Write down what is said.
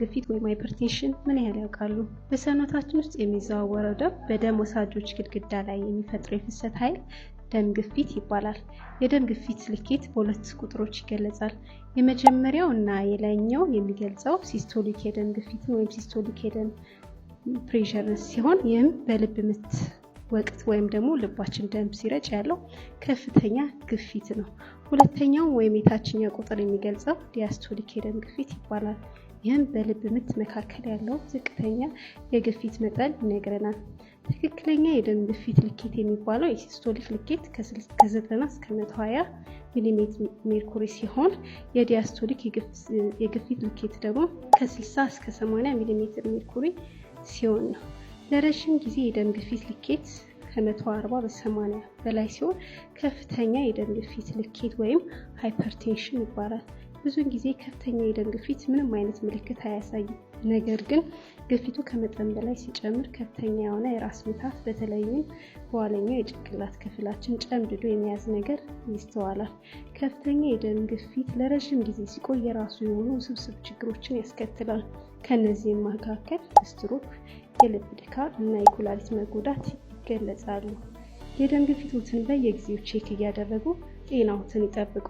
ግፊት ወይም ሃይፐርቴንሽን ምን ያህል ያውቃሉ? በሰውነታችን ውስጥ የሚዘዋወረው ደም በደም ወሳጆች ግድግዳ ላይ የሚፈጥረው የፍሰት ኃይል ደም ግፊት ይባላል። የደም ግፊት ልኬት በሁለት ቁጥሮች ይገለጻል። የመጀመሪያው እና የላይኛው የሚገልጸው ሲስቶሊክ የደም ግፊትን ወይም ሲስቶሊክ የደም ፕሬሸርን ሲሆን ይህም በልብ ምት ወቅት ወይም ደግሞ ልባችን ደም ሲረጭ ያለው ከፍተኛ ግፊት ነው። ሁለተኛው ወይም የታችኛው ቁጥር የሚገልጸው ዲያስቶሊክ የደም ግፊት ይባላል። ይህም በልብ ምት መካከል ያለው ዝቅተኛ የግፊት መጠን ይነግረናል። ትክክለኛ የደም ግፊት ልኬት የሚባለው የሲስቶሊክ ልኬት ከ90 እስከ 120 ሜርኩሪ ሲሆን የዲያስቶሊክ የግፊት ልኬት ደግሞ ከ60 እስከ 80 ሚሜ ሜርኩሪ ሲሆን ነው። ለረዥም ጊዜ የደም ግፊት ልኬት ከ140 በ80 በላይ ሲሆን ከፍተኛ የደም ግፊት ልኬት ወይም ሃይፐርቴንሽን ይባላል። ብዙውን ጊዜ ከፍተኛ የደም ግፊት ምንም አይነት ምልክት አያሳይም። ነገር ግን ግፊቱ ከመጠን በላይ ሲጨምር ከፍተኛ የሆነ የራስ ምታት በተለይም በኋለኛው የጭንቅላት ክፍላችን ጨምድዶ የመያዝ ነገር ይስተዋላል። ከፍተኛ የደም ግፊት ለረዥም ጊዜ ሲቆይ የራሱ የሆኑ ውስብስብ ችግሮችን ያስከትላል። ከእነዚህም መካከል ስትሮክ፣ የልብ ድካም እና የኩላሊት መጎዳት ይገለጻሉ። የደም ግፊቶትን በየጊዜው ቼክ እያደረጉ ጤናዎትን ይጠብቁ።